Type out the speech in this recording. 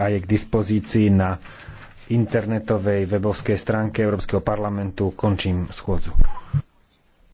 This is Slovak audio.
a je k dispozícii na internetovej webovskej stránke Európskeho parlamentu. Končím schôdzu.